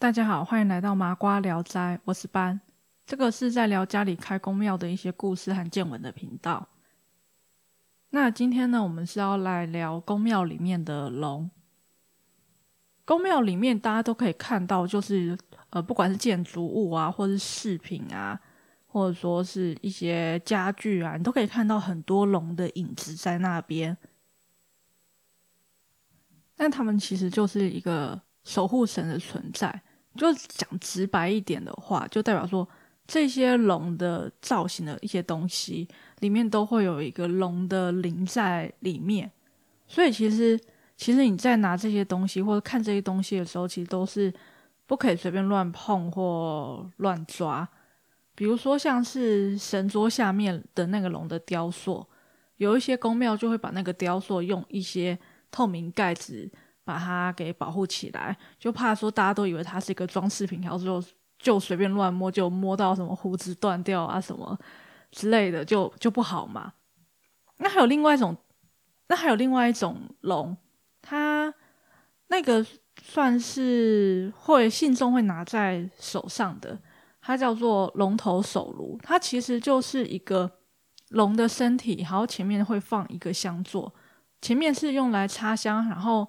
大家好，歡迎來到《麻瓜聊齋》，我是班。這個是在聊家裡開宮廟的一些故事和見聞的頻道。那今天呢，我們是要來聊宮廟裡面的龍。宮廟裡面大家都可以看到，就是呃，不管是建築物啊，或是飾品啊，或者說是一些家具啊，你都可以看到很多龍的影子在那邊。那他們其實就是一個守護神的存在。就講直白一點的話，就代表說這些龍的造型的一些東西裡面都會有一個龍的靈在裡面，所以其實其實你在拿這些東西或者看這些東西的時候，其實都是不可以隨便亂碰或亂抓。比如說像是神桌下面的那個龍的雕塑，有一些宮廟就會把那個雕塑用一些透明蓋子。把它給保護起來，就怕說大家都以為它是一個裝飾品，然後就就隨便亂摸，就摸到什麼鬍子斷掉啊什麼之類的，就就不好嘛。那還有另外一種，那還有另外一種龍，它那個算是會信眾會拿在手上的，它叫做龍頭手爐，它其實就是一個龍的身體，然後前面會放一個香座，前面是用來插香，然後。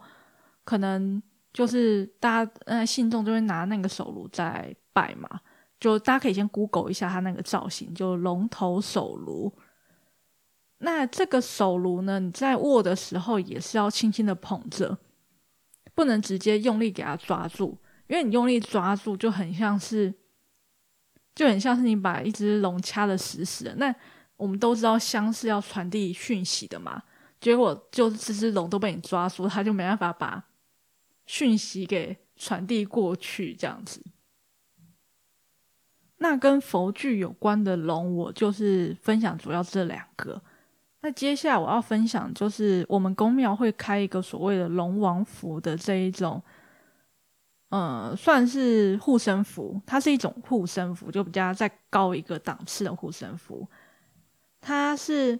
可能就是大家呃信眾就會拿那個手爐在拜嘛，就大家可以先 Google 一下它那個造型，就龍頭手爐。那這個手爐呢，你在握的時候也是要輕輕的捧着，不能直接用力給它抓住，因為你用力抓住就很像是就很像是你把一隻龍掐的死死的。那我們都知道香是要傳遞訊息的嘛，結果就這隻龍都被你抓住，它就沒辦法把訊息給傳遞過去，這樣子。那跟佛具有關的龍，我就是分享主要這兩個。那接下來我要分享，就是我們宮廟會開一個所謂的龍王符的這一種，呃，算是護身符，它是一種護身符，就比較再高一個檔次的護身符。它是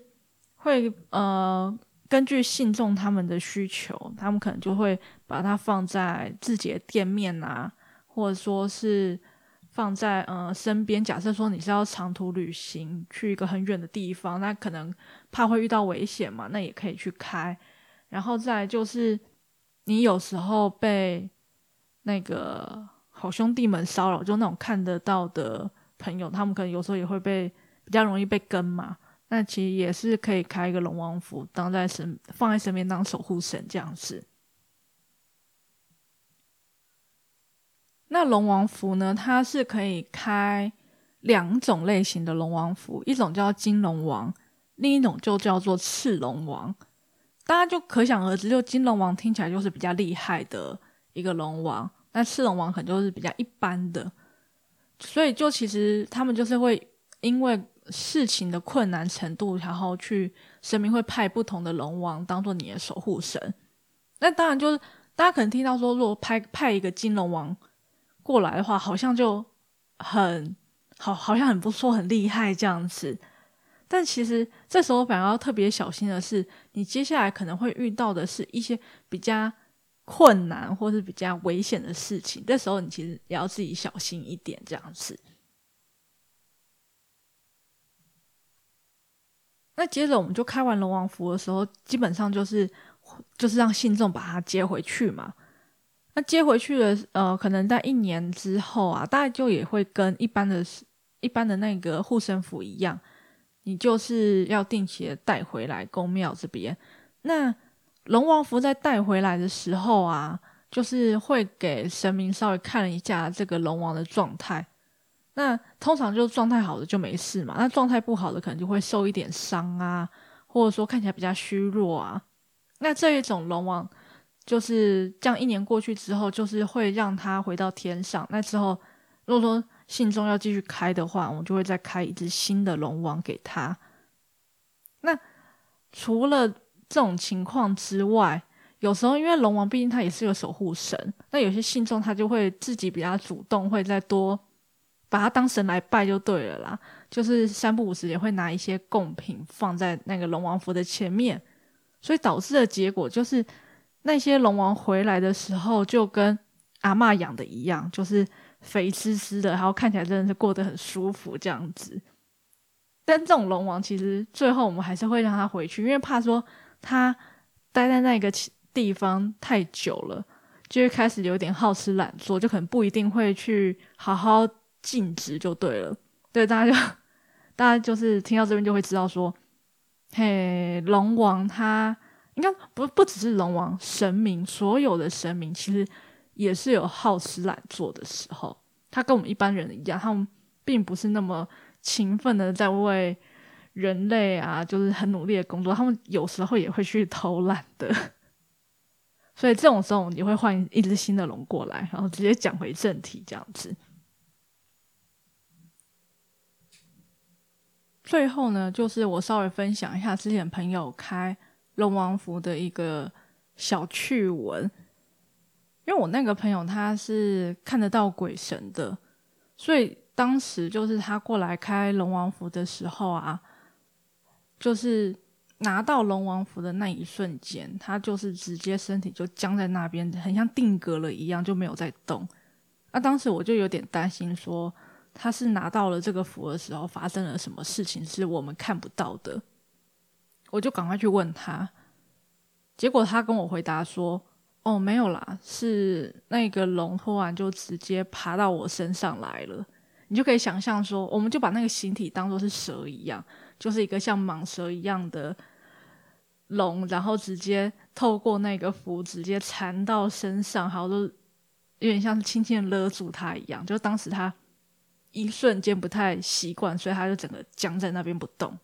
會呃。根據信眾他們的需求，他們可能就會把它放在自己的店面啊，或者說是放在呃身邊。假設說你是要長途旅行去一個很遠的地方，那可能怕會遇到危險嘛，那也可以去開。然後再來就是，你有時候被那個好兄弟們騷擾，就那種看得到的朋友，他們可能有時候也會被比較容易被跟嘛。那其實也是可以開一個龍王符，當在身放在身邊當守護神這樣子。那龍王符呢，它是可以開兩種類型的龍王符，一種叫金龍王，另一種就叫做赤龍王。大家就可想而知，就金龍王聽起來就是比較厲害的一個龍王，那赤龍王可能就是比較一般的。所以就其實他們就是會因為。事情的困難程度，然後去神明會派不同的龍王當做你的守護神。那當然就是大家可能聽到說，如果派派一個金龍王過來的話，好像就很好，好像很不錯，很厲害這樣子。但其實這時候反而要特別小心的是，你接下來可能會遇到的是一些比較困難或是比較危險的事情。這時候你其實也要自己小心一點，這樣子。那接着我們就開完龍王符的時候，基本上就是就是讓信眾把它接回去嘛。那接回去的，呃，可能在一年之後啊，大概就也會跟一般的、一般的那個護身符一樣，你就是要定期的帶回來宮廟這邊。那龍王符在帶回來的時候啊，就是會給神明稍微看一下這個龍王的狀態。那通常就是狀態好的就沒事嘛，那狀態不好的可能就會受一點傷啊，或者說看起來比較虛弱啊。那這一種龍王就是這樣，一年過去之後，就是會讓他回到天上。那之後，如果說信眾要繼續開的話，我們就會再開一隻新的龍王給他。那除了這種情況之外，有時候因為龍王畢竟他也是個守護神，那有些信眾他就會自己比較主動，會再多。把他當神來拜就對了啦，就是三不五時也會拿一些貢品放在那個龍王府的前面，所以導致的結果就是那些龍王回來的時候就跟阿嬤養的一樣，就是肥滋滋的，然後看起來真的是過得很舒服這樣子。但這種龍王其實最後我們還是會讓他回去，因為怕說他待在那個地方太久了，就會開始有點好吃懶做，就可能不一定會去好好盡職就對了，對，大家就大家就是聽到這邊就會知道說，嘿，龍王他應該不不只是龍王，神明，所有的神明其實也是有好吃懶做的時候，他跟我們一般人一樣，他們並不是那麼勤奮的在為人類啊，就是很努力的工作，他們有時候也會去偷懶的，所以這種時候你會換一隻新的龍過來，然後直接講回正題這樣子。最後呢，就是我稍微分享一下之前朋友開龍王符的一個小趣聞，因為我那個朋友他是看得到鬼神的，所以當時就是他過來開龍王符的時候啊，就是拿到龍王符的那一瞬間，他就是直接身體就僵在那邊，很像定格了一樣，就沒有再動。那、啊、當時我就有點擔心說。他是拿到了這個符的時候發生了什麼事情是我們看不到的，我就趕快去問他，結果他跟我回答說：“哦，沒有啦，是那個龍突然就直接爬到我身上來了。”你就可以想象說，我們就把那個形體當做是蛇一樣，就是一個像蟒蛇一樣的龍，然後直接透過那個符直接纏到身上，好像都有點像輕輕的勒住他一樣。就當時他。一瞬間不太習慣，所以他就整個僵在那邊不動。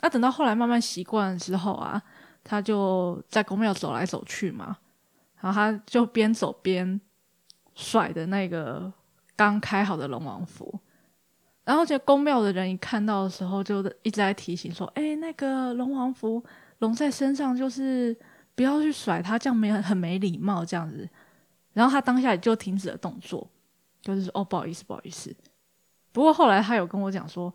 那、啊、等到後來慢慢習慣之後啊，他就在宮廟走來走去嘛，然後他就邊走邊甩的那個剛開好的龍王符。然後這宮廟的人一看到的時候，就一直在提醒說：“哎、欸，那個龍王符龍在身上，就是不要去甩，他這樣沒很沒禮貌這樣子。”然後他當下也就停止了動作。就是哦，不好意思，不好意思。不過後來他有跟我講說，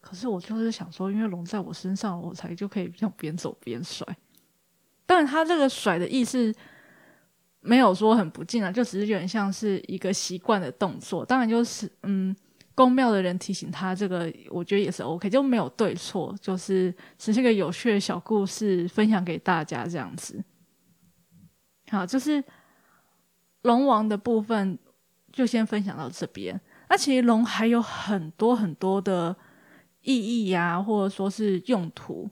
可是我就是想說，因為龍在我身上，我才就可以這樣邊走邊甩。當然，他這個甩的意思沒有說很不敬啊，就只是有點像是一個習慣的動作。當然，就是嗯，宮廟的人提醒他這個，我覺得也是 OK，就沒有對錯，就是只是一個有趣的小故事分享給大家這樣子。好，就是龍王的部分。就先分享到這邊。那其實龍還有很多很多的意義呀、啊，或者說是用途，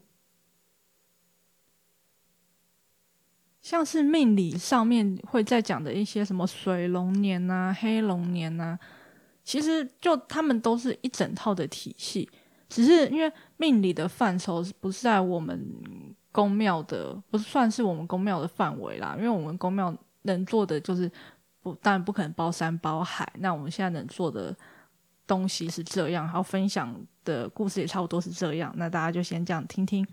像是命理上面會在講的一些什麼水龍年吶、啊、黑龍年吶、啊，其實就他們都是一整套的體系。只是因為命理的範疇不是在我們宮廟的，不是算是我們宮廟的範圍啦。因為我們宮廟能做的就是。當然不可能包山包海，那我們現在能做的東西是這樣，還有分享的故事也差不多是這樣，那大家就先這樣聽聽。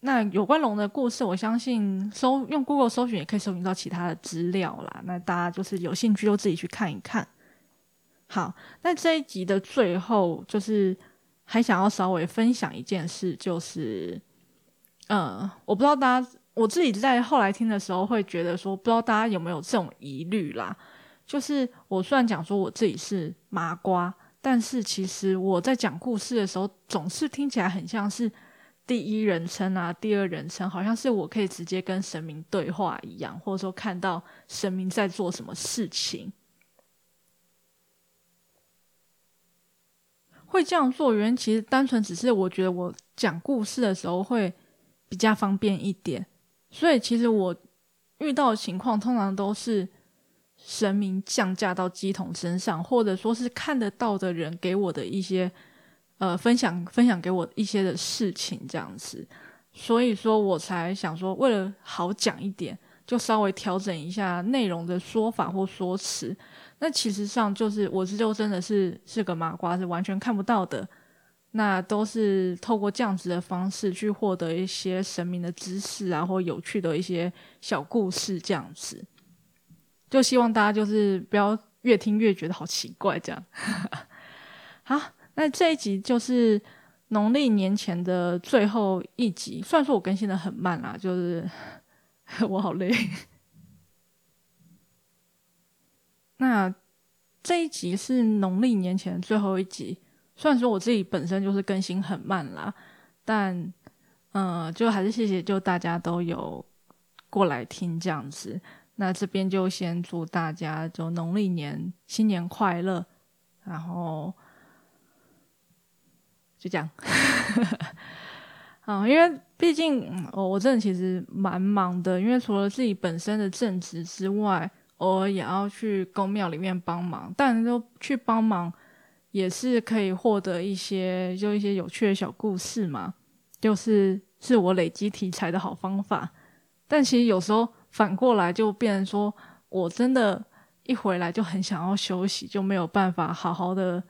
那有關龍的故事，我相信搜用 Google 搜尋也可以搜尋到其他的資料啦。那大家就是有興趣就自己去看一看。好，那這一集的最後就是還想要稍微分享一件事，就是嗯，我不知道大家。我自己在後來聽的時候，會覺得說，不知道大家有沒有這種疑慮啦。就是我雖然講說我自己是麻瓜，但是其實我在講故事的時候，總是聽起來很像是第一人稱啊，第二人稱，好像是我可以直接跟神明對話一樣，或者說看到神明在做什麼事情。會這樣做，原因其實單純只是我覺得我講故事的時候會比較方便一點。所以其實我遇到的情況通常都是神明降駕到乩童身上，或者說是看得到的人給我的一些呃分享，分享給我一些的事情這樣子。所以說，我才想說，為了好講一點，就稍微調整一下內容的說法或說辭。那其實上就是我是就真的是是個麻瓜，是完全看不到的。那都是透過這樣子的方式去獲得一些神明的知識啊，或有趣的一些小故事這樣子，就希望大家就是不要越聽越覺得好奇怪這樣。 好，那這一集就是農曆年前的最後一集，雖然說我更新的很慢啦、啊，就是我好累。 那這一集是農曆年前的最後一集。雖然說我自己本身就是更新很慢啦，但嗯、呃，就還是謝謝，就大家都有過來聽這樣子。那這邊就先祝大家就農曆年新年快樂，然後就這樣。啊， 因為畢竟我、嗯、我真的其實蠻忙的，因為除了自己本身的正職之外，偶爾也要去宮廟裡面幫忙，但都去幫忙。也是可以獲得一些就一些有趣的小故事嘛，就是是我累積題材的好方法。但其實有時候反過來就變成說，我真的一回來就很想要休息，就沒有辦法好好的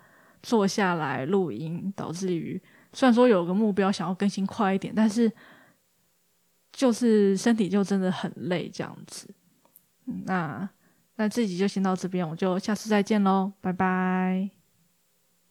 坐下來錄音，導致於雖然說有個目標想要更新快一點，但是就是身體就真的很累這樣子。那那這集就先到這邊，我就下次再見嘍，拜拜。